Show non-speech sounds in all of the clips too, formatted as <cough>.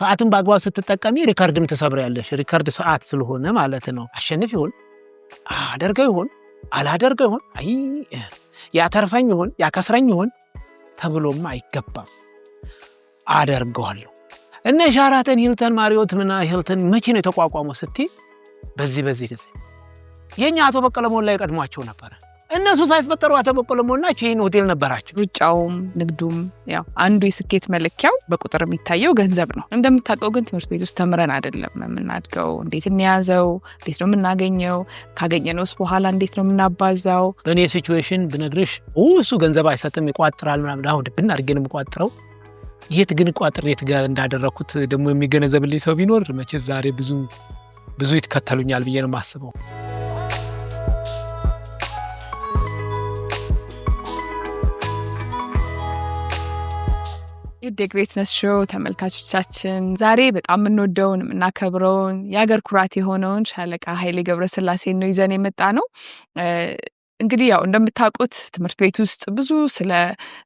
ሰዓትን በአግባብ ስትጠቀሚ ሪከርድም ትሰብሪያለሽ። ሪከርድ ሰዓት ስለሆነ ማለት ነው። አሸንፍ ይሆን አደርገው ይሆን አላደርገው ይሁን አይ ያተርፈኝ ይሁን ያከስረኝ ይሆን ተብሎማ አይገባም። አደርገዋለሁ። እነ ሻራተን ሂልተን፣ ማሪዮት ምና ሂልተን መቼ ነው የተቋቋመው ስትይ፣ በዚህ በዚህ ጊዜ የእኛ አቶ በቀለ ሞላ ይቀድሟቸው ነበረ። እነሱ ሳይፈጠሩ አቶ በቆሎሞና ቼይን ሆቴል ነበራቸው። ሩጫውም ንግዱም ያው አንዱ የስኬት መለኪያው በቁጥር የሚታየው ገንዘብ ነው። እንደምታውቀው ግን ትምህርት ቤት ውስጥ ተምረን አይደለም የምናድገው። እንዴት እንያዘው፣ እንዴት ነው የምናገኘው፣ ካገኘነውስ በኋላ እንዴት ነው የምናባዛው። በእኔ ሲቹዌሽን ብነግርሽ እሱ ገንዘብ አይሰጥም ይቋጥራል ምናምን። አሁን ድብን አድርጌን የምቋጥረው የት ግን ቋጥር የት ጋር እንዳደረግኩት ደግሞ የሚገነዘብልኝ ሰው ቢኖር መቼ ዛሬ ብዙ ብዙ ይትከተሉኛል ብዬ ነው የማስበው። የውድ የግሬትነስ ሾው ተመልካቾቻችን ዛሬ በጣም የምንወደውን የምናከብረውን የአገር ኩራት የሆነውን ሻለቃ ኃይሌ ገብረስላሴን ነው ይዘን የመጣ ነው። እንግዲህ ያው እንደምታውቁት ትምህርት ቤት ውስጥ ብዙ ስለ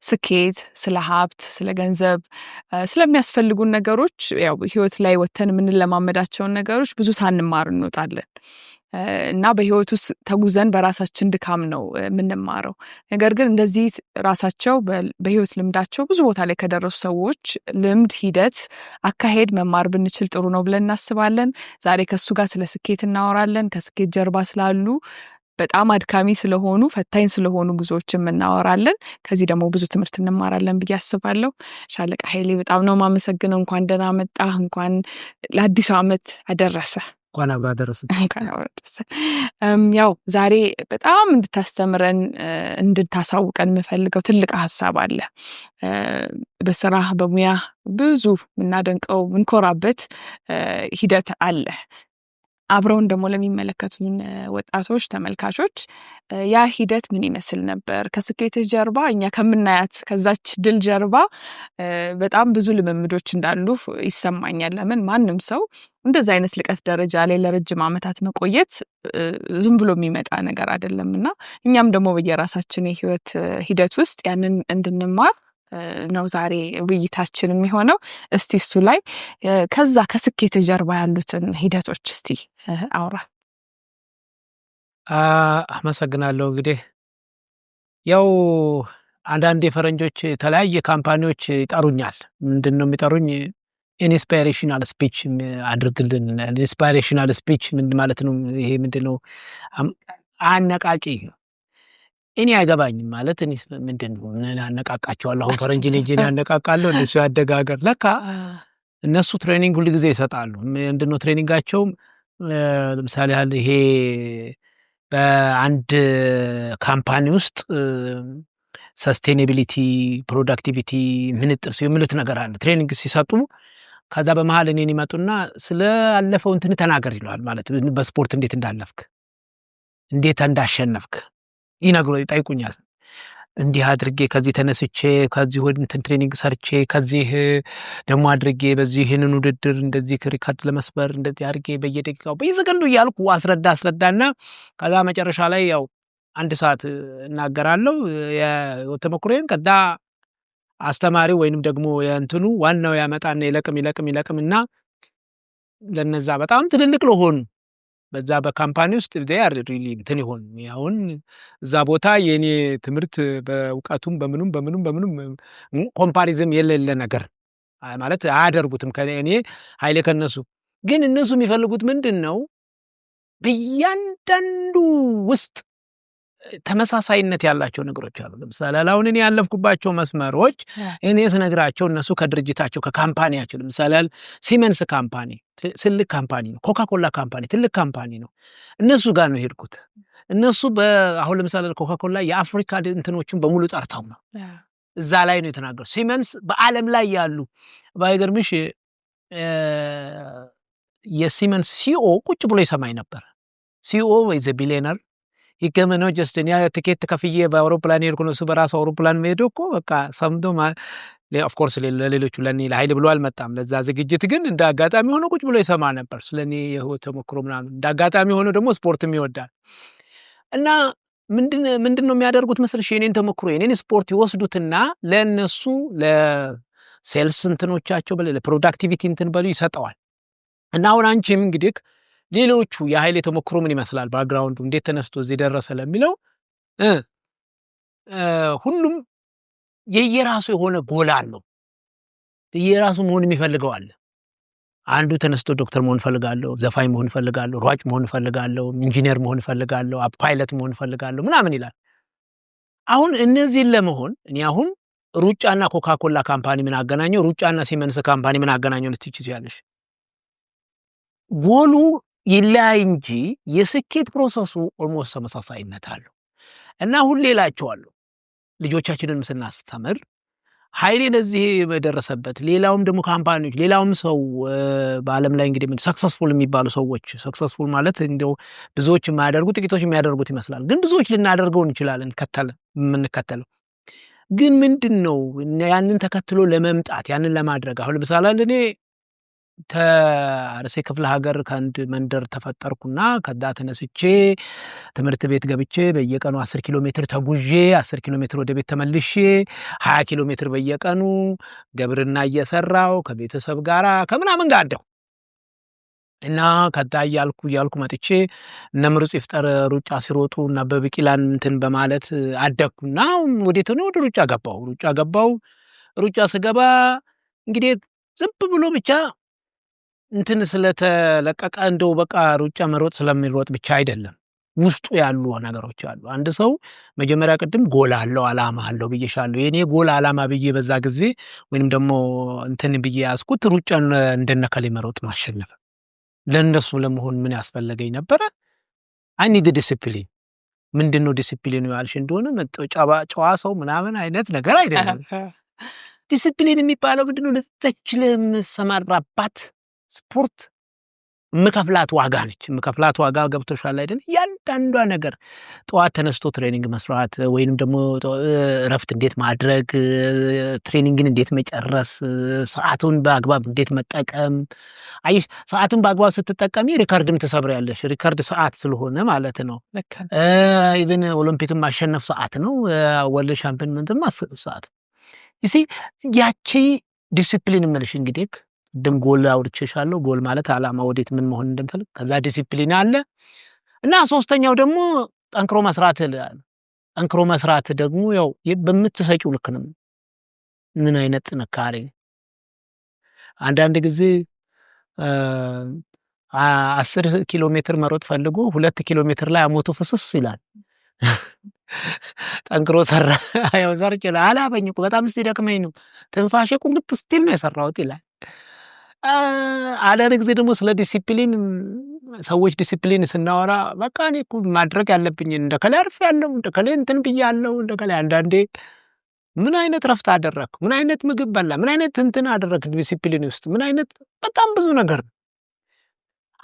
ስኬት፣ ስለ ሀብት፣ ስለ ገንዘብ፣ ስለሚያስፈልጉን ነገሮች ያው ህይወት ላይ ወተን የምንለማመዳቸውን ነገሮች ብዙ ሳንማር እንወጣለን። እና በህይወት ውስጥ ተጉዘን በራሳችን ድካም ነው የምንማረው። ነገር ግን እንደዚህ ራሳቸው በህይወት ልምዳቸው ብዙ ቦታ ላይ ከደረሱ ሰዎች ልምድ፣ ሂደት፣ አካሄድ መማር ብንችል ጥሩ ነው ብለን እናስባለን። ዛሬ ከእሱ ጋር ስለ ስኬት እናወራለን። ከስኬት ጀርባ ስላሉ በጣም አድካሚ ስለሆኑ ፈታኝ ስለሆኑ ጉዞዎችም እናወራለን። ከዚህ ደግሞ ብዙ ትምህርት እንማራለን ብዬ አስባለሁ። ሻለቃ ኃይሌ በጣም ነው የማመሰግነው። እንኳን ደህና መጣህ፣ እንኳን ለአዲሱ ዓመት አደረሰ። እንኳን አብሮ ደረሰ። <laughs> እንኳን ያው ዛሬ በጣም እንድታስተምረን እንድታሳውቀን የምፈልገው ትልቅ ሀሳብ አለ። በስራህ በሙያህ ብዙ የምናደንቀው የምንኮራበት ሂደት አለ። አብረውን ደግሞ ለሚመለከቱን ወጣቶች ተመልካቾች ያ ሂደት ምን ይመስል ነበር? ከስኬት ጀርባ እኛ ከምናያት ከዛች ድል ጀርባ በጣም ብዙ ልምምዶች እንዳሉ ይሰማኛል። ለምን ማንም ሰው እንደዚህ አይነት ልቀት ደረጃ ላይ ለረጅም ዓመታት መቆየት ዝም ብሎ የሚመጣ ነገር አይደለም እና እኛም ደግሞ በየራሳችን የህይወት ሂደት ውስጥ ያንን እንድንማር ነው ዛሬ ውይይታችን የሚሆነው። እስቲ እሱ ላይ ከዛ ከስኬት ጀርባ ያሉትን ሂደቶች እስቲ አውራ። አመሰግናለሁ። እንግዲህ ያው አንዳንድ የፈረንጆች የተለያየ ካምፓኒዎች ይጠሩኛል። ምንድን ነው የሚጠሩኝ? ኢንስፓይሬሽናል ስፒች አድርግልን። ኢንስፓይሬሽናል ስፒች ምን ማለት ነው? ይሄ ምንድን ነው? አነቃቂ እኔ አይገባኝም ማለት እኔ ምንድን ምን አነቃቃቸዋለሁ? አሁን ፈረንጅ ልጅ ያነቃቃለሁ። እነሱ ያደገ ሀገር ለካ እነሱ ትሬኒንግ ሁሉ ጊዜ ይሰጣሉ። ምንድነው ትሬኒንጋቸው? ለምሳሌ ያህል ይሄ በአንድ ካምፓኒ ውስጥ ሰስቴኔቢሊቲ፣ ፕሮዳክቲቪቲ፣ ምንጥር የሚሉት ነገር አለ። ትሬኒንግ ሲሰጡ ከዛ በመሀል እኔን ይመጡና ስለአለፈው እንትን ተናገር ይለዋል። ማለት በስፖርት እንዴት እንዳለፍክ፣ እንዴት እንዳሸነፍክ ይነግሮ ይጠይቁኛል። እንዲህ አድርጌ ከዚህ ተነስቼ ከዚህ ወደ ትሬኒንግ ሰርቼ ከዚህ ደግሞ አድርጌ በዚህ ይህንን ውድድር እንደዚህ ሪካርድ ለመስበር እንደዚህ አድርጌ በየደቂቃው በየሰከንዱ እያልኩ አስረዳ አስረዳና ከዛ መጨረሻ ላይ ያው አንድ ሰዓት እናገራለሁ ተሞክሮዬን። ከዛ አስተማሪው ወይንም ደግሞ የእንትኑ ዋናው ያመጣና ይለቅም ይለቅም ይለቅምና ለነዛ በጣም ትልልቅ ለሆኑ በዛ በካምፓኒ ውስጥ ዜር ሪሊ እንትን ይሆን አሁን እዛ ቦታ የእኔ ትምህርት በእውቀቱም በምኑም በምኑም በምኑም ኮምፓሪዝም የሌለ ነገር ማለት አያደርጉትም። እኔ ሀይሌ ከነሱ ግን እነሱ የሚፈልጉት ምንድን ነው? በእያንዳንዱ ውስጥ ተመሳሳይነት ያላቸው ነገሮች አሉ። ለምሳሌ አሁን እኔ ያለፍኩባቸው መስመሮች እኔ ስነግራቸው እነሱ ከድርጅታቸው ከካምፓኒያቸው ለምሳሌ ሲመንስ ካምፓኒ ትልቅ ካምፓኒ ነው። ኮካኮላ ካምፓኒ ትልቅ ካምፓኒ ነው። እነሱ ጋር ነው የሄድኩት። እነሱ አሁን ለምሳሌ ኮካኮላ የአፍሪካ እንትኖችን በሙሉ ጠርተው ነው እዛ ላይ ነው የተናገሩ። ሲመንስ በዓለም ላይ ያሉ ባይገርምሽ የሲመንስ ሲኦ ቁጭ ብሎ ይሰማኝ ነበር። ሲኦ ወይ ዘ ይገመ ነው ጀስት እኔ ትኬት ከፍዬ በአውሮፕላን ሄድኩ ነው። እሱ በራሱ አውሮፕላን መሄዱ እኮ በቃ ሰምቶ ኦፍኮርስ ለሌሎቹ ለእኔ ለሀይል ብሎ አልመጣም። ለዛ ዝግጅት ግን እንደ አጋጣሚ ሆኖ ቁጭ ብሎ ይሰማ ነበር ስለ እኔ የህይወት ተሞክሮ ምናምን። እንደ አጋጣሚ ሆኖ ደግሞ ስፖርትም ይወዳል እና ምንድን ነው የሚያደርጉት መሰለሽ የኔን ተሞክሮ የኔን ስፖርት ይወስዱትና ለእነሱ ለሴልስ እንትኖቻቸው በለ ለፕሮዳክቲቪቲ እንትን በሉ ይሰጠዋል እና አሁን አንቺም እንግዲህ ሌሎቹ የሀይሌ ተሞክሮ ምን ይመስላል፣ ባክግራውንዱ እንዴት ተነስቶ እዚህ ደረሰ ለሚለው ሁሉም የየራሱ የሆነ ጎል አለው። የየራሱ መሆን የሚፈልገው አለ። አንዱ ተነስቶ ዶክተር መሆን እፈልጋለሁ፣ ዘፋኝ መሆን እፈልጋለሁ፣ ሯጭ መሆን እፈልጋለሁ፣ ኢንጂነር መሆን እፈልጋለሁ፣ ፓይለት መሆን እፈልጋለሁ ምናምን ይላል። አሁን እነዚህን ለመሆን እኔ አሁን ሩጫና ኮካኮላ ካምፓኒ ምን አገናኘው? ሩጫና ሲመንስ ካምፓኒ ምን አገናኘው ልትች ያለሽ ጎሉ ይለያይ እንጂ የስኬት ፕሮሰሱ ኦልሞስት ተመሳሳይነት አለው እና ሁሌ እላቸዋለሁ ልጆቻችንን ስናስተምር ኃይሌ ለዚህ በደረሰበት ሌላውም ደግሞ ካምፓኒዎች ሌላውም ሰው በዓለም ላይ እንግዲህ ሰክሰስፉል የሚባሉ ሰዎች ሰክሰስፉል ማለት እንደው ብዙዎች የማያደርጉ ጥቂቶች የሚያደርጉት ይመስላል፣ ግን ብዙዎች ልናደርገው እንችላለን የምንከተለው ግን ምንድን ነው ያንን ተከትሎ ለመምጣት ያንን ለማድረግ አሁን ለምሳሌ እኔ ከአርሴ ክፍለ ሀገር ከአንድ መንደር ተፈጠርኩና ከዛ ተነስቼ ትምህርት ቤት ገብቼ በየቀኑ አስር ኪሎ ሜትር ተጉዤ አስር ኪሎ ሜትር ወደ ቤት ተመልሼ ሀያ ኪሎ ሜትር በየቀኑ ግብርና እየሰራው ከቤተሰብ ጋራ ከምናምን ጋር አደው እና ከዛ እያልኩ እያልኩ መጥቼ እነ ምሩጽ ይፍጠር ሩጫ ሲሮጡ እና በብቂላን እንትን በማለት አደግኩና ወዴት ሆነ ወደ ሩጫ ገባው ሩጫ ገባው ሩጫ ስገባ እንግዲህ ዝም ብሎ ብቻ እንትን ስለተለቀቀ እንደው በቃ ሩጫ መሮጥ ስለሚሮጥ ብቻ አይደለም። ውስጡ ያሉ ነገሮች አሉ። አንድ ሰው መጀመሪያ ቅድም ጎል አለው አላማ አለው ብዬሻለሁ። የኔ ጎል አላማ ብዬ በዛ ጊዜ ወይንም ደግሞ እንትን ብዬ ያስኩት ሩጫን እንደነከሌ መሮጥ ማሸነፍ። ለእነሱ ለመሆን ምን ያስፈለገኝ ነበረ? አይኒድ ዲስፕሊን። ምንድን ነው ዲስፕሊኑ ያልሽ እንደሆነ ጨዋ ሰው ምናምን አይነት ነገር አይደለም። ዲስፕሊን የሚባለው ምንድነው? ለተች ለምሰማራባት ስፖርት ምከፍላት ዋጋ ነች። ምከፍላት ዋጋ ገብቶሻል አይደል? እያንዳንዷ ነገር ጠዋት ተነስቶ ትሬኒንግ መስራት ወይንም ደግሞ እረፍት እንዴት ማድረግ፣ ትሬኒንግን እንዴት መጨረስ፣ ሰዓቱን በአግባብ እንዴት መጠቀም። አይ ሰዓቱን በአግባብ ስትጠቀሚ ሪከርድም ትሰብሪያለሽ። ሪከርድ ሰዓት ስለሆነ ማለት ነው። ኢቨን ኦሎምፒክን ማሸነፍ ሰዓት ነው። ወርልድ ሻምፒዮንመንትም ማስብ ሰዓት ያቺ ዲስፕሊን ምልሽ እንግዲህ ቅድም ጎል አውርቼሻለሁ። ጎል ማለት አላማ ወዴት ምን መሆን እንደምፈልግ፣ ከዛ ዲሲፕሊን አለ እና ሶስተኛው ደግሞ ጠንክሮ መስራት ጠንክሮ መስራት ደግሞ ያው በምትሰቂው ልክ ነው። ምን አይነት ጥንካሬ አንዳንድ ጊዜ አስር ኪሎ ሜትር መሮጥ ፈልጎ ሁለት ኪሎ ሜትር ላይ አሞቱ ፍስስ ይላል። ጠንክሮ ሰራ <laughs> ያው ሰርቼ አላበኝኩ በጣም ሲደክመኝ ነው ትንፋሽ ቁምጥ ስቲል ነው የሰራሁት ይላል። አለን ጊዜ ደግሞ ስለ ዲሲፕሊን ሰዎች ዲሲፕሊን ስናወራ በቃ እኔ እኮ ማድረግ ያለብኝ እንደከላይ አርፍ ያለው እንደከላ እንትን ብዬ ያለው እንደከላ አንዳንዴ ምን አይነት ረፍት አደረግ፣ ምን አይነት ምግብ በላ፣ ምን አይነት እንትን አደረግ፣ ዲሲፕሊን ውስጥ ምን አይነት በጣም ብዙ ነገር ነው።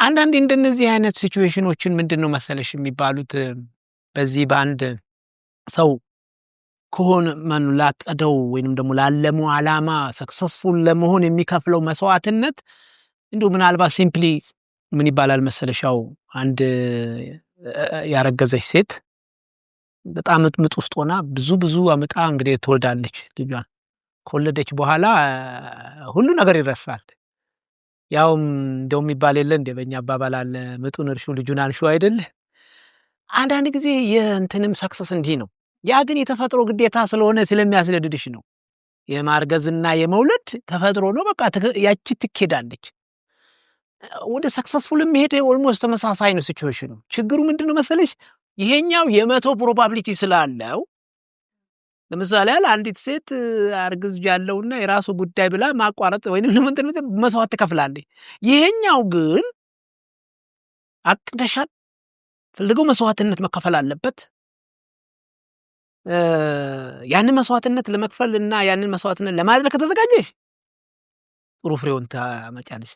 አንዳንዴ እንደነዚህ አይነት ሲትዌሽኖችን ምንድን ነው መሰለሽ የሚባሉት በዚህ በአንድ ሰው ከሆነ ማን ላቀደው ወይንም ደግሞ ላለመው አላማ ሰክሰስፉል ለመሆን የሚከፍለው መስዋዕትነት እንዲሁ ምናልባት ሲምፕሊ ምን ይባላል መሰለሻው አንድ ያረገዘች ሴት በጣም ምጥ ውስጥ ሆና ብዙ ብዙ አመጣ እንግዲህ ትወልዳለች። ልጇን ከወለደች በኋላ ሁሉ ነገር ይረሳል። ያውም እንደው የሚባል የለ እንደ በእኛ አባባል አለ ምጡን እርሹ ልጁን አንሹ አይደል? አንዳንድ ጊዜ የእንትንም ሰክሰስ እንዲህ ነው። ያ ግን የተፈጥሮ ግዴታ ስለሆነ ስለሚያስገድድሽ ነው። የማርገዝና የመውለድ ተፈጥሮ ነው። በቃ ያቺ ትኬዳለች። ወደ ሰክሰስፉል የሚሄድ ኦልሞስት ተመሳሳይ ነው ነው። ችግሩ ምንድን ነው መሰለሽ? ይሄኛው የመቶ ፕሮባብሊቲ ስላለው ለምሳሌ ያህል አንዲት ሴት ያለውና የራሱ ጉዳይ ብላ ማቋረጥ ወይም ምንትን መስዋዕት ትከፍላለች። ይሄኛው ግን አቅደሻል፣ ፈልገው መስዋዕትነት መከፈል አለበት ያንን መስዋዕትነት ለመክፈል እና ያንን መስዋዕትነት ለማድረግ ከተዘጋጀሽ ጥሩ ፍሬውን ታመጫለሽ።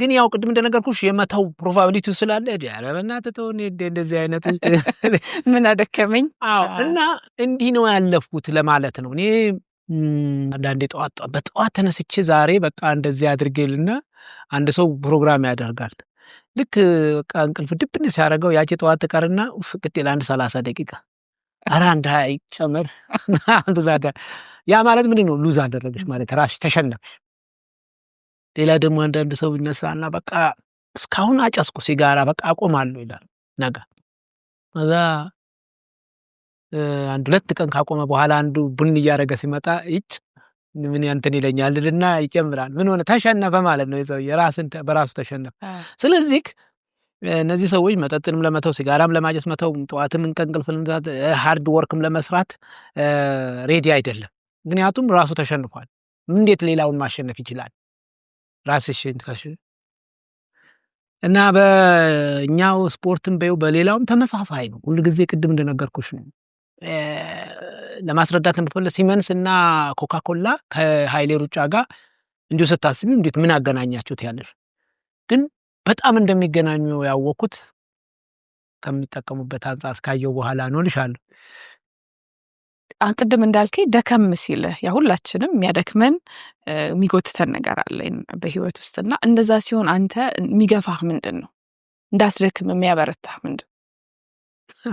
ግን ያው ቅድም እንደነገርኩሽ የመተው ፕሮባብሊቲ ስላለ ኧረ በእናትህ ተው እንደዚህ አይነት ውስጥ <laughs> ምን አደከመኝ። አዎ እና እንዲህ ነው ያለፍኩት ለማለት ነው። እኔ አንዳንዴ ጠዋት በጠዋት ተነስቼ ዛሬ በቃ እንደዚህ አድርጌልና አንድ ሰው ፕሮግራም ያደርጋል። ልክ በቃ እንቅልፍ ድብን ሲያደርገው ያቺ ጠዋት ትቀርና ቅጤል አንድ ሰላሳ ደቂቃ ኧረ አንድ ሀያ ይጨመር <laughs> ያ ማለት ምንድን ነው? ሉዝ አደረገች ማለት ራስሽ ተሸነፍሽ። ሌላ ደግሞ አንዳንድ ሰው ይነሳና በቃ እስካሁን አጨስኩ ሲጋራ በቃ አቆማለሁ ይላል። ነገ ከዛ አንድ ሁለት ቀን ካቆመ በኋላ አንዱ ቡን እያደረገ ሲመጣ ይጭ ምን ያንተን ይለኛል እና ይጨምራል። ምን ሆነ? ተሸነፈ ማለት ነው። የሰውዬ በራሱ ተሸነፈ። ስለዚህ እነዚህ ሰዎች መጠጥንም ለመተው ሲጋራም ለማጨስ መተው ጠዋትም ቀን እንቅልፍ ሀርድ ወርክም ለመስራት ሬዲ አይደለም። ምክንያቱም ራሱ ተሸንፏል። እንዴት ሌላውን ማሸነፍ ይችላል? ራስሽን እና በእኛው ስፖርትም በው በሌላውም ተመሳሳይ ነው። ጊዜ ቅድም እንደነገርኩሽ ነው ለማስረዳት ምፈለ ሲመንስ እና ኮካኮላ ከሀይሌ ሩጫ ጋር እንዲሁ ስታስቢ እንዴት ምን አገናኛቸው ያለሽ ግን በጣም እንደሚገናኙ ያወቅኩት ከሚጠቀሙበት አንጻር ካየው በኋላ ነው እልሻለሁ። ቅድም እንዳልከ ደከም ሲል ያ ሁላችንም የሚያደክመን የሚጎትተን ነገር አለ በህይወት ውስጥ እና እንደዛ ሲሆን አንተ የሚገፋህ ምንድን ነው? እንዳትደክም የሚያበረታህ ምንድን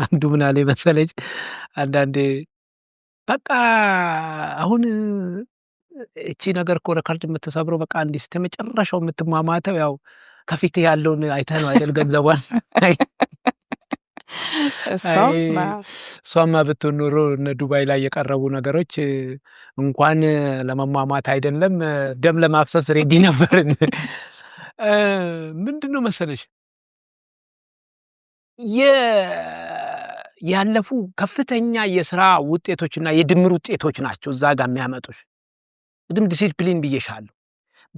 አንዱ ምን አለ መሰለኝ፣ አንዳንዴ በቃ አሁን እቺ ነገር እኮ ሪከርድ የምትሰብረው በቃ እንዲህ እስከ መጨረሻው የምትሟሟተው ያው ከፊት ያለውን አይተህ ነው አይደል? ገንዘቧን እሷማ ብትሆን ኑሮ እነ ዱባይ ላይ የቀረቡ ነገሮች እንኳን ለመሟሟት አይደለም ደም ለማፍሰስ ሬዲ ነበርን። ምንድን ነው መሰለሽ ያለፉ ከፍተኛ የስራ ውጤቶችና የድምር ውጤቶች ናቸው እዛ ጋር የሚያመጡሽ። ቅድም ዲሲፕሊን ብዬሻለሁ።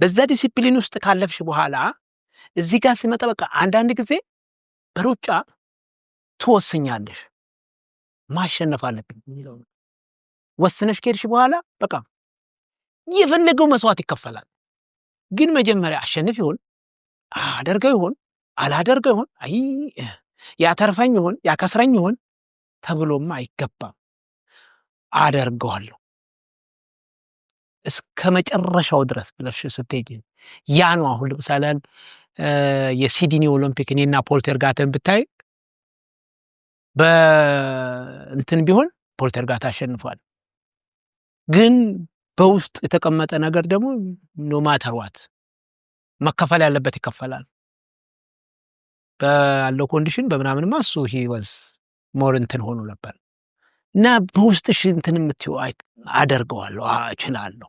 በዛ ዲሲፕሊን ውስጥ ካለፍሽ በኋላ እዚህ ጋር ሲመጣ በቃ አንዳንድ ጊዜ በሩጫ ትወስኛለሽ። ማሸነፍ አለብኝ የሚለው ወስነሽ ከሄድሽ በኋላ በቃ የፈለገው መስዋዕት ይከፈላል። ግን መጀመሪያ አሸንፍ ይሆን አደርገው ይሆን አላደርገው ይሆን አይ ያተርፈኝ ይሆን ያከስረኝ ይሆን ተብሎማ አይገባም። አደርገዋለሁ እስከ መጨረሻው ድረስ ብለሽ ስትሄጂ ያ ነው አሁን ለምሳሌ የሲድኒ ኦሎምፒክ እኔና ፖልተር ጋተን ብታይ በእንትን ቢሆን ፖልተር ፖልተርጋት አሸንፏል። ግን በውስጥ የተቀመጠ ነገር ደግሞ ኖማተርዋት መከፈል ያለበት ይከፈላል። ባለው ኮንዲሽን በምናምንማ እሱ ሂ ወዝ ሞር እንትን ሆኖ ነበር እና በውስጥሽ እንትን የምትይው አደርገዋለሁ እችላለሁ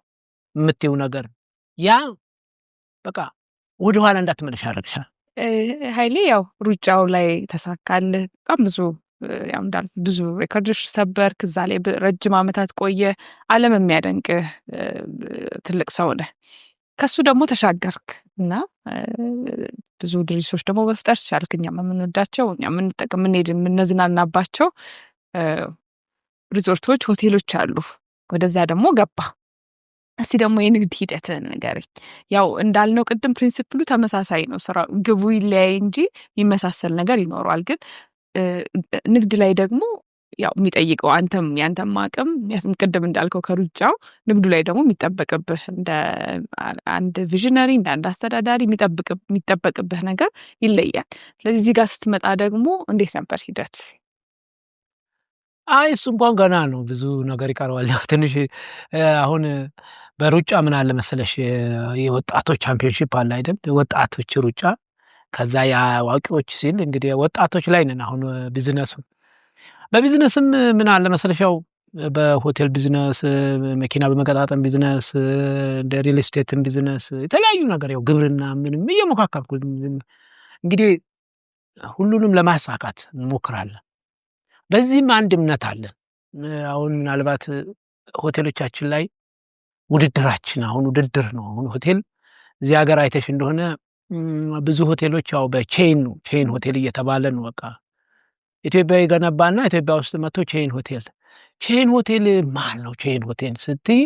የምትይው ነገር ያ በቃ ወደኋላ እንዳትመለሽ ያደረግሻል። ሀይሌ ያው ሩጫው ላይ ተሳካል። በጣም ብዙ ያው እንዳልኩ ብዙ ሬኮርዶች ሰበር እዛ ላይ ረጅም ዓመታት ቆየ። ዓለም የሚያደንቅ ትልቅ ሰው ነ ከሱ ደግሞ ተሻገርክ እና ብዙ ድርጅቶች ደግሞ መፍጠር ቻልክ። እኛም የምንወዳቸው የምንጠቅም የምንሄድ የምንዝናናባቸው ሪዞርቶች፣ ሆቴሎች አሉ። ወደዛ ደግሞ ገባ እስቲ ደግሞ የንግድ ሂደትን ነገር ያው እንዳልነው ቅድም ፕሪንሲፕሉ ተመሳሳይ ነው። ስራ ግቡ ይለያይ እንጂ የሚመሳሰል ነገር ይኖረዋል። ግን ንግድ ላይ ደግሞ ያው የሚጠይቀው አንተም ያንተም አቅም ቅድም እንዳልከው ከሩጫው ንግዱ ላይ ደግሞ የሚጠበቅብህ እንደ አንድ ቪዥነሪ እንደ አንድ አስተዳዳሪ የሚጠበቅብህ ነገር ይለያል። ስለዚህ እዚህ ጋር ስትመጣ ደግሞ እንዴት ነበር ሂደት? አይ እሱ እንኳን ገና ነው፣ ብዙ ነገር ይቀረዋል። ትንሽ አሁን በሩጫ ምን አለ መሰለሽ የወጣቶች ቻምፒዮንሺፕ አለ አይደል? ወጣቶች ሩጫ ከዛ የአዋቂዎች ሲል እንግዲህ ወጣቶች ላይ ነን አሁን። ቢዝነሱ በቢዝነስም ምን አለ መሰለሽ ያው በሆቴል ቢዝነስ፣ መኪና በመቀጣጠም ቢዝነስ፣ እንደ ሪል ስቴትን ቢዝነስ፣ የተለያዩ ነገር ያው ግብርና ምንም እየሞካከልኩ እንግዲህ ሁሉንም ለማሳካት እንሞክራለን። በዚህም አንድ እምነት አለን። አሁን ምናልባት ሆቴሎቻችን ላይ ውድድራችን አሁን ውድድር ነው። አሁን ሆቴል እዚህ ሀገር አይተሽ እንደሆነ ብዙ ሆቴሎች ያው በቼን ነው ቼን ሆቴል እየተባለ ነው። በቃ ኢትዮጵያ የገነባና ኢትዮጵያ ውስጥ መጥቶ ቼን ሆቴል ቼን ሆቴል ማን ነው ቼን ሆቴል ስትይ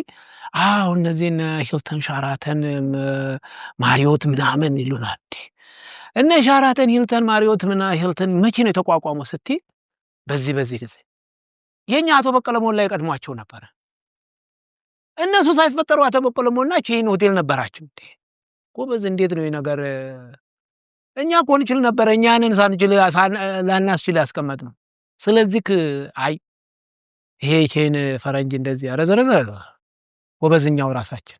አሁ እነዚህን ሂልተን፣ ሻራተን፣ ማሪዮት ምናምን ይሉናል። እነ ሻራተን፣ ሂልተን፣ ማሪዮት ምና ሂልተን መቼ ነው የተቋቋመው ስትይ በዚህ በዚህ ጊዜ የእኛ አቶ በቀለ ሞላ ይቀድሟቸው ነበረ። እነሱ ሳይፈጠሩ አቶ በቀለ ሞላ ሆቴል ነበራቸው። ጎበዝ እንዴት ነው ነገር? እኛ እኮ እንችል ነበረ፣ እኛንን ሳንችል ላናስችል ያስቀመጥ ነው። ስለዚህ አይ ይሄ ቼን ፈረንጅ እንደዚህ ያረዘረዘ ጎበዝ፣ እኛው ራሳችን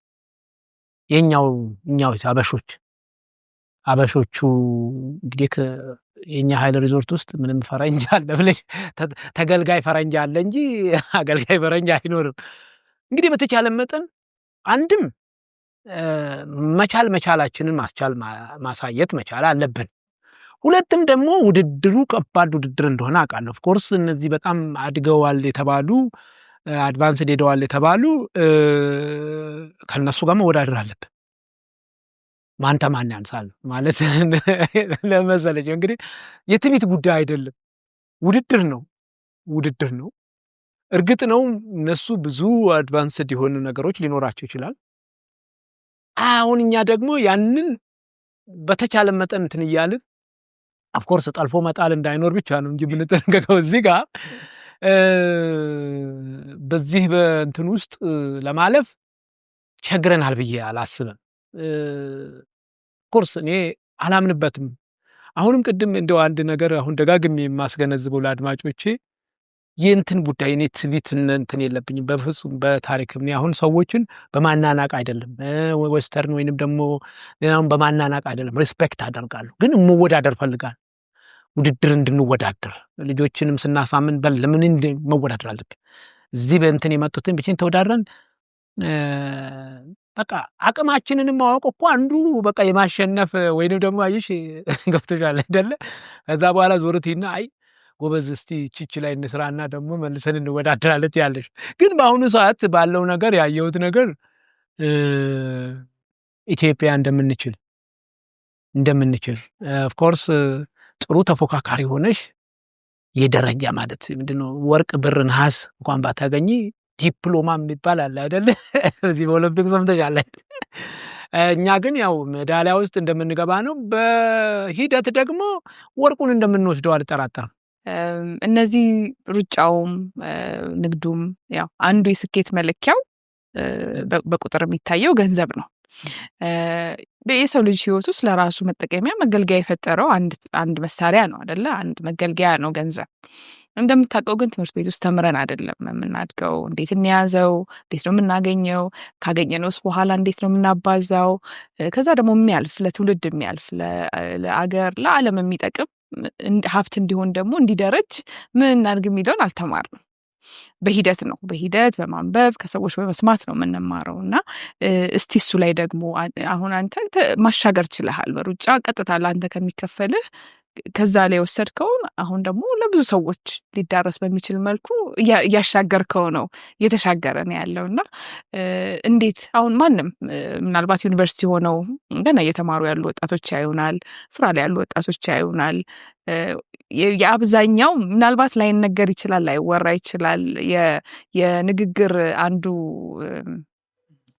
የኛው እኛው አበሾች አበሾቹ እንግዲህ የኛ ሀይል ሪዞርት ውስጥ ምንም ፈረንጅ አለ ብለሽ ተገልጋይ ፈረንጅ አለ እንጂ አገልጋይ ፈረንጅ አይኖርም። እንግዲህ በተቻለ መጠን አንድም መቻል መቻላችንን ማስቻል ማሳየት መቻል አለብን። ሁለትም ደግሞ ውድድሩ ከባድ ውድድር እንደሆነ አውቃለሁ። ኦፍኮርስ እነዚህ በጣም አድገዋል የተባሉ አድቫንስ ሄደዋል የተባሉ ከነሱ ጋር መወዳደር አለብን። ማን ተማን ያንሳል ማለት <laughs> ለመሰለች እንግዲህ የትቢት ጉዳይ አይደለም፣ ውድድር ነው ውድድር ነው። እርግጥ ነው እነሱ ብዙ አድቫንስድ የሆኑ ነገሮች ሊኖራቸው ይችላል። አሁን እኛ ደግሞ ያንን በተቻለ መጠን እንትን እያልን አፍኮርስ ጠልፎ መጣል እንዳይኖር ብቻ ነው እንጂ የምንጠነቀቀው እዚህ ጋር በዚህ በእንትን ውስጥ ለማለፍ ቸግረናል ብዬ አላስብም። ኮርስ እኔ አላምንበትም። አሁንም ቅድም እንደው አንድ ነገር አሁን ደጋግሜ የማስገነዝበው ለአድማጮቼ የእንትን ጉዳይ እኔ ትቢት እንትን የለብኝም በፍጹም በታሪክ አሁን ሰዎችን በማናናቅ አይደለም ወስተርን ወይንም ደግሞ ሌላውን በማናናቅ አይደለም ሪስፔክት አደርጋለሁ ግን መወዳደር ፈልጋል ውድድር እንድንወዳደር ልጆችንም ስናሳምን በለምን ለምን መወዳደር አለብ እዚህ በእንትን የመጡትን ብቻ ተወዳድረን በቃ አቅማችንን ማወቅ እኮ አንዱ በቃ የማሸነፍ ወይንም ደግሞ አይሽ ገብቶሻል አይደለ ከዛ በኋላ ዞርቲና አይ ጎበዝ እስቲ ችች ላይ እንስራና ደግሞ መልሰን እንወዳደራለት ያለሽ። ግን በአሁኑ ሰዓት ባለው ነገር ያየሁት ነገር ኢትዮጵያ እንደምንችል እንደምንችል ኦፍኮርስ ጥሩ ተፎካካሪ ሆነሽ የደረጃ ማለት ምንድነው ወርቅ ብር ነሐስ እንኳን ባታገኝ ዲፕሎማ የሚባል አለ አይደለ? <laughs> እዚህ በኦሎምፒክ ሰምተሻል። እኛ ግን ያው ሜዳሊያ ውስጥ እንደምንገባ ነው። በሂደት ደግሞ ወርቁን እንደምንወስደው አልጠራጠርም። እነዚህ ሩጫውም ንግዱም ያው አንዱ የስኬት መለኪያው በቁጥር የሚታየው ገንዘብ ነው። የሰው ልጅ ህይወት ውስጥ ለራሱ መጠቀሚያ መገልገያ የፈጠረው አንድ መሳሪያ ነው አደለ? አንድ መገልገያ ነው ገንዘብ። እንደምታውቀው ግን ትምህርት ቤት ውስጥ ተምረን አይደለም የምናድገው። እንዴት እንያዘው፣ እንዴት ነው የምናገኘው፣ ካገኘነውስ በኋላ እንዴት ነው የምናባዛው፣ ከዛ ደግሞ የሚያልፍ ለትውልድ የሚያልፍ ለአገር ለዓለም የሚጠቅም ሀብት እንዲሆን ደግሞ እንዲደረጅ ምን እናድርግ የሚለውን አልተማርንም። በሂደት ነው በሂደት በማንበብ ከሰዎች በመስማት ነው የምንማረው። እና እስቲ እሱ ላይ ደግሞ አሁን አንተ ማሻገር ችለሃል። በሩጫ ቀጥታ ለአንተ ከሚከፈልህ ከዛ ላይ የወሰድከውን አሁን ደግሞ ለብዙ ሰዎች ሊዳረስ በሚችል መልኩ እያሻገርከው ነው እየተሻገረ ነው ያለው እና እንዴት አሁን ማንም ምናልባት ዩኒቨርሲቲ ሆነው ገና እየተማሩ ያሉ ወጣቶች ያዩናል፣ ስራ ላይ ያሉ ወጣቶች ያዩናል። የአብዛኛው ምናልባት ላይነገር ይችላል፣ ላይወራ ይችላል። የንግግር አንዱ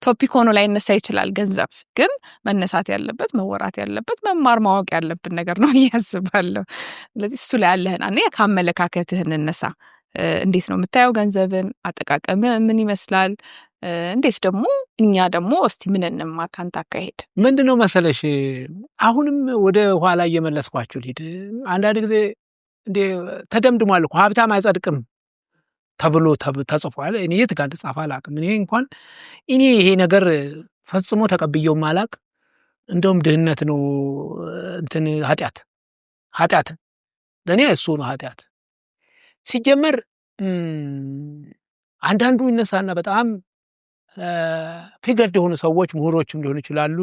ቶፒክ ሆኖ ላይ እነሳ ይችላል። ገንዘብ ግን መነሳት ያለበት መወራት ያለበት መማር ማወቅ ያለብን ነገር ነው እያስባለሁ። ስለዚህ እሱ ላይ ያለህን አ ከአመለካከትህ እንነሳ። እንዴት ነው የምታየው ገንዘብን? አጠቃቀም ምን ይመስላል? እንዴት ደግሞ እኛ ደግሞ እስቲ ምን እንማር ካንተ አካሄድ ምንድን ነው መሰለሽ? አሁንም ወደ ኋላ እየመለስኳችሁ ልሂድ። አንዳንድ ጊዜ እንዴ ተደምድሟል እኮ ሀብታም አይጸድቅም ተብሎ ተጽፏል። እኔ የት ጋር ተጻፈ አላቅም። እኔ እንኳን እኔ ይሄ ነገር ፈጽሞ ተቀብየውም አላቅ። እንደውም ድህነት ነው እንትን ኃጢአት ኃጢአት ለእኔ እሱ ነው ኃጢአት። ሲጀመር አንዳንዱ ይነሳና በጣም ፊገርድ የሆኑ ሰዎች ምሁሮችም ሊሆኑ ይችላሉ፣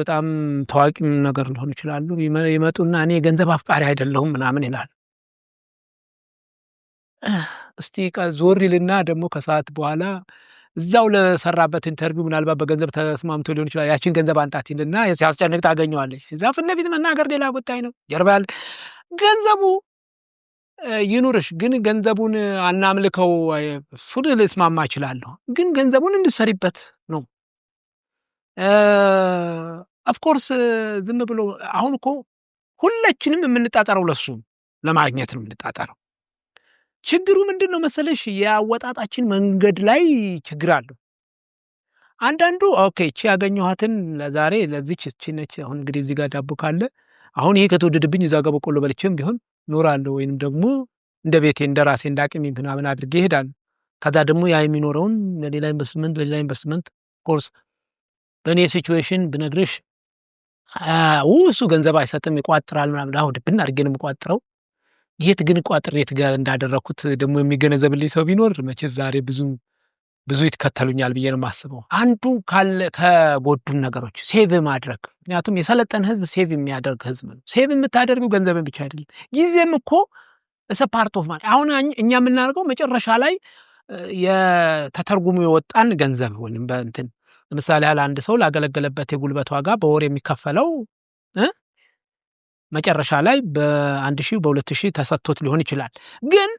በጣም ታዋቂም ነገር ሊሆኑ ይችላሉ። ይመጡና እኔ ገንዘብ አፍቃሪ አይደለሁም ምናምን ይላል። እስቲ ዞር ይልና ደግሞ ከሰዓት በኋላ እዛው ለሰራበት ኢንተርቪው ምናልባት በገንዘብ ተስማምቶ ሊሆን ይችላል። ያችን ገንዘብ አንጣት ይልና ሲያስጨንቅ ታገኘዋለች። እዛ ፊት ለፊት መናገር ሌላ ቦታ ነው። ጀርባ ያለ ገንዘቡ ይኑርሽ፣ ግን ገንዘቡን አናምልከው። እሱን ልስማማ እችላለሁ፣ ግን ገንዘቡን እንድሰሪበት ነው። ኦፍኮርስ ዝም ብሎ አሁን እኮ ሁላችንም የምንጣጠረው ለሱ ለማግኘት ነው የምንጣጠረው ችግሩ ምንድን ነው መሰለሽ? የአወጣጣችን መንገድ ላይ ችግር አለው። አንዳንዱ ኦኬ እቺ ያገኘኋትን ለዛሬ ለዚች እቺ ነች። አሁን እንግዲህ እዚህ ጋር ዳቦ ካለ አሁን ይሄ ከተወደድብኝ እዛ ጋር በቆሎ በልቼም ቢሆን ኖራለሁ፣ ወይንም ደግሞ እንደ ቤቴ እንደ ራሴ እንደ አቅሜ ምናምን አድርጌ ይሄዳል። ከዛ ደግሞ ያ የሚኖረውን ለሌላ ኢንቨስትመንት ለሌላ ኢንቨስትመንት ኮርስ በእኔ ሲቹዌሽን ብነግርሽ እሱ ገንዘብ አይሰጥም ይቋጥራል ምናምን። አሁን ድብን አድርጌ ነው የምቋጥረው የት ግን ቋጥር ጋር እንዳደረኩት ደግሞ የሚገነዘብልኝ ሰው ቢኖር መቼ ዛሬ ብዙ ብዙ ይትከተሉኛል ብዬ ነው የማስበው። አንዱ ከጎዱን ነገሮች ሴቭ ማድረግ፣ ምክንያቱም የሰለጠን ህዝብ ሴቭ የሚያደርግ ህዝብ ነው። ሴቭ የምታደርገው ገንዘብን ብቻ አይደለም፣ ጊዜም እኮ እሰ ፓርት ኦፍ ማለት አሁን እኛ የምናደርገው መጨረሻ ላይ የተተርጉሙ የወጣን ገንዘብ ወይም በእንትን ለምሳሌ ያህል አንድ ሰው ላገለገለበት የጉልበት ዋጋ በወር የሚከፈለው መጨረሻ ላይ በአንድ ሺህ በሁለት ሺህ ተሰጥቶት ሊሆን ይችላል። ግን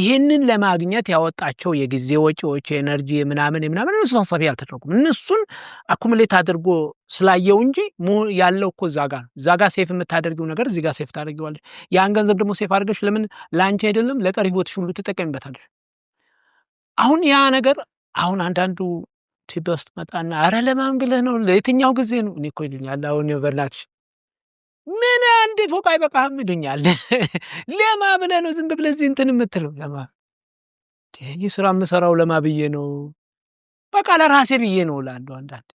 ይህንን ለማግኘት ያወጣቸው የጊዜ ወጪዎች፣ የኤነርጂ ምናምን ምናምን እነሱ ታሳቢ አልተደረጉም። እነሱን አኩሙሌት አድርጎ ስላየው እንጂ ያለው እኮ እዛ ጋር እዛ ጋር ሴፍ የምታደርጊው ነገር እዚህ ጋር ሴፍ ታደርጊዋለሽ። ያን ገንዘብ ደግሞ ሴፍ አድርገሽ ለምን ለአንቺ አይደለም ለቀሪ ህይወትሽ ሁሉ ትጠቀሚበታለሽ። አሁን ያ ነገር አሁን አንዳንዱ ኢትዮጵያ ውስጥ መጣና አረ ለማን ብለህ ነው ለየትኛው ጊዜ ነው እኔ እኮ ይሉኛል አሁን በላትሽ ምን አንድ ፎቅ አይበቃህም ይሉኛል። <laughs> ለማ ብለህ ነው ዝም ብለህ እዚህ እንትን የምትለው? ለማ ይህ ስራ የምሰራው ለማ ብዬ ነው፣ በቃ ለራሴ ብዬ ነው እላለሁ። አንዳንድ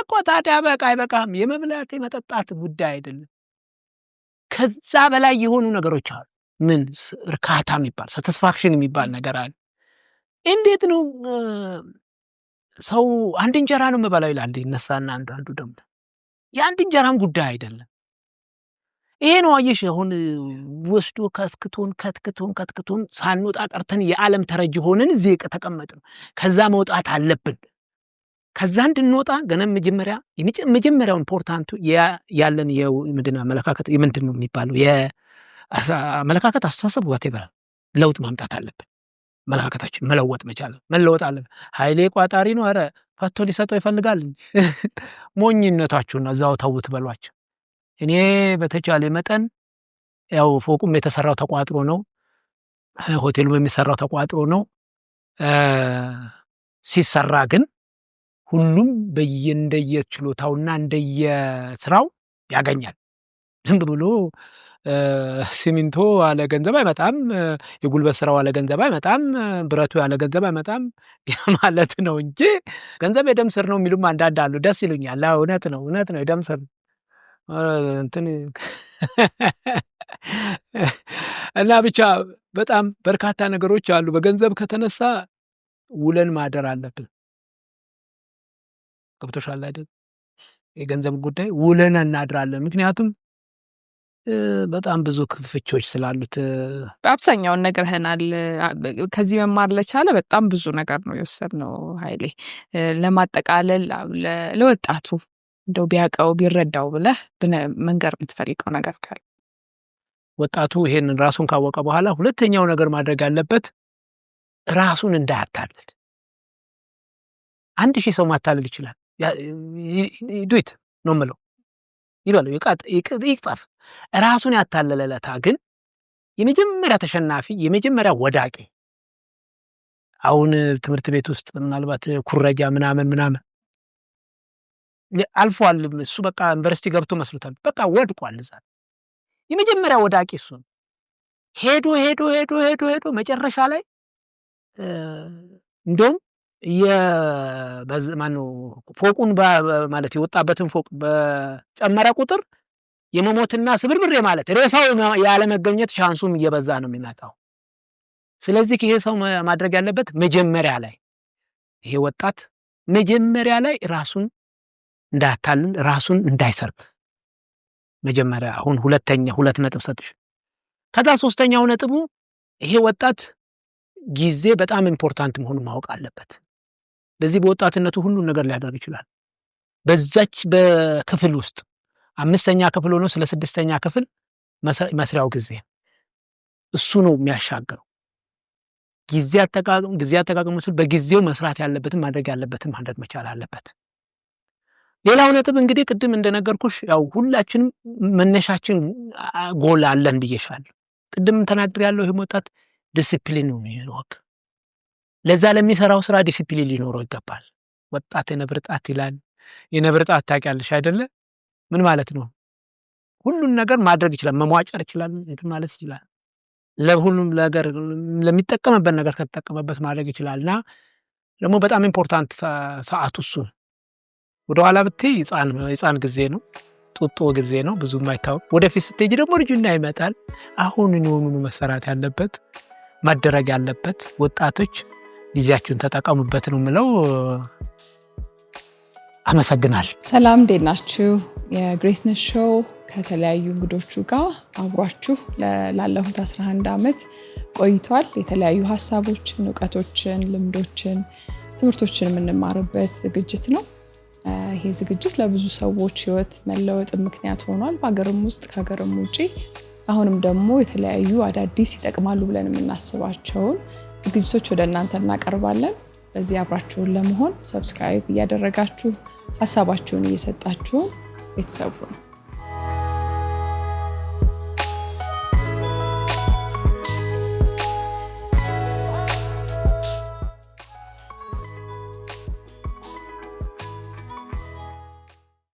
እኮ ታዲያ በቃ አይበቃህም የመብላት የመጠጣት ጉዳይ አይደለም። ከዛ በላይ የሆኑ ነገሮች አሉ። ምን እርካታ የሚባል ሳቲስፋክሽን የሚባል ነገር አለ። እንዴት ነው ሰው አንድ እንጀራ ነው የምበላው ይላል ይነሳና፣ አንዱ አንዱ ደግሞ የአንድ እንጀራም ጉዳይ አይደለም ይሄ ነው አየሽ። አሁን ወስዶ ከትክቶን ከትክቶን ከትክቶን ሳንወጣ ቀርተን የዓለም ተረጅ ሆነን እዚህ ተቀመጥን። ከዛ መውጣት አለብን። ከዛ እንድንወጣ ገና መጀመሪያ መጀመሪያው ኢምፖርታንቱ ያለን የምድን አመለካከት የምንድን ነው የሚባለው የአመለካከት አስተሳሰብ ዋት ይበላል ለውጥ ማምጣት አለብን። መለካከታችን መለወጥ መቻል መለወጥ አለብን። ሀይሌ ቋጣሪ ነው። ኧረ ፈቶ ሊሰጠው ይፈልጋል። <laughs> ሞኝነታችሁን እዛው ተውት በሏቸው። እኔ በተቻለ መጠን ያው ፎቁም የተሰራው ተቋጥሮ ነው፣ ሆቴሉም የሚሰራው ተቋጥሮ ነው። ሲሰራ ግን ሁሉም በየእንደየ ችሎታውና እንደየ ስራው ያገኛል። ዝም ብሎ ሲሚንቶ ያለ ገንዘብ አይመጣም፣ የጉልበት ስራው ያለ ገንዘብ አይመጣም፣ ብረቱ ያለ ገንዘብ አይመጣም <laughs> ማለት ነው እንጂ ገንዘብ የደም ስር ነው የሚሉም አንዳንድ አሉ። ደስ ይሉኛል። እውነት ነው፣ እውነት ነው፣ የደም ስር ነው። እንትን እና ብቻ በጣም በርካታ ነገሮች አሉ። በገንዘብ ከተነሳ ውለን ማደር አለብን። ገብቶሻል አይደል? የገንዘብ ጉዳይ ውለን እናድራለን። ምክንያቱም በጣም ብዙ ክፍቾች ስላሉት አብዛኛውን ነግረህናል። ከዚህ መማር ለቻለ በጣም ብዙ ነገር ነው የወሰድነው ኃይሌ። ለማጠቃለል ለወጣቱ እንደው ቢያውቀው ቢረዳው ብለህ መንገር የምትፈልገው ነገር ካለ ወጣቱ ይሄንን ራሱን ካወቀ በኋላ ሁለተኛው ነገር ማድረግ ያለበት ራሱን እንዳያታልል። አንድ ሺህ ሰው ማታለል ይችላል። ዱት ነው ምለው ይበለው ይቅጣፍ። ራሱን ያታለለ ለታ ግን የመጀመሪያ ተሸናፊ የመጀመሪያ ወዳቂ አሁን ትምህርት ቤት ውስጥ ምናልባት ኩረጃ ምናምን ምናምን አልፏል። እሱ በቃ ዩኒቨርሲቲ ገብቶ መስሎታል። በቃ ወድቋል። እዛ የመጀመሪያ ወዳቂ እሱ ነው። ሄዶ ሄዶ ሄዶ ሄዶ ሄዶ መጨረሻ ላይ እንዲሁም ማነው ፎቁን ማለት የወጣበትን ፎቅ በጨመረ ቁጥር የመሞትና ስብርብሬ ማለት ሬሳው ያለመገኘት ሻንሱም እየበዛ ነው የሚመጣው። ስለዚህ ይሄ ሰው ማድረግ ያለበት መጀመሪያ ላይ ይሄ ወጣት መጀመሪያ ላይ ራሱን እንዳያታልን ራሱን እንዳይሰርፍ መጀመሪያ አሁን ሁለተኛ ሁለት ነጥብ ሰጥሽ። ከዛ ሶስተኛው ነጥቡ ይሄ ወጣት ጊዜ በጣም ኢምፖርታንት መሆኑን ማወቅ አለበት። በዚህ በወጣትነቱ ሁሉን ነገር ሊያደርግ ይችላል። በዛች በክፍል ውስጥ አምስተኛ ክፍል ሆኖ ስለ ስድስተኛ ክፍል መስሪያው ጊዜ እሱ ነው የሚያሻገረው ጊዜ አጠቃቀሙ ጊዜ አጠቃቀሙ ስል በጊዜው መስራት ያለበትን ማድረግ ያለበትን ማድረግ መቻል አለበት። ሌላው ነጥብ እንግዲህ ቅድም እንደነገርኩሽ ያው ሁላችንም መነሻችን ጎል አለን ብዬሻለሁ። ቅድም ተናግር ያለው ይህ ወጣት ዲስፕሊን ይወቅ። ለዛ ለሚሰራው ስራ ዲስፕሊን ሊኖረው ይገባል። ወጣት የነብር ጣት ይላል። የነብር ጣት ታውቂያለሽ አይደለ? ምን ማለት ነው? ሁሉን ነገር ማድረግ ይችላል፣ መሟጨር ይችላል፣ እንትን ማለት ይችላል። ለሁሉም ነገር ለሚጠቀምበት ነገር ከተጠቀመበት ማድረግ ይችላል። እና ደግሞ በጣም ኢምፖርታንት ሰዓቱ እሱን ወደኋላ ብትይ ህፃን ጊዜ ነው፣ ጡጦ ጊዜ ነው፣ ብዙ አይታወቅም። ወደፊት ስትጅ ደግሞ ልጁና ይመጣል። አሁን የሆኑኑ መሰራት ያለበት መደረግ ያለበት ወጣቶች ጊዜያችሁን ተጠቀሙበት ነው ምለው አመሰግናል። ሰላም እንዴት ናችሁ? የግሬትነስ ሾው ከተለያዩ እንግዶቹ ጋር አብሯችሁ ላለፉት 11 ዓመት ቆይቷል። የተለያዩ ሀሳቦችን፣ እውቀቶችን፣ ልምዶችን፣ ትምህርቶችን የምንማርበት ዝግጅት ነው። ይሄ ዝግጅት ለብዙ ሰዎች ህይወት መለወጥ ምክንያት ሆኗል። በሀገርም ውስጥ ከሀገርም ውጭ አሁንም ደግሞ የተለያዩ አዳዲስ ይጠቅማሉ ብለን የምናስባቸውን ዝግጅቶች ወደ እናንተ እናቀርባለን። በዚህ አብራችሁን ለመሆን ሰብስክራይብ እያደረጋችሁ ሀሳባችሁን እየሰጣችሁን ቤተሰቡ ነው።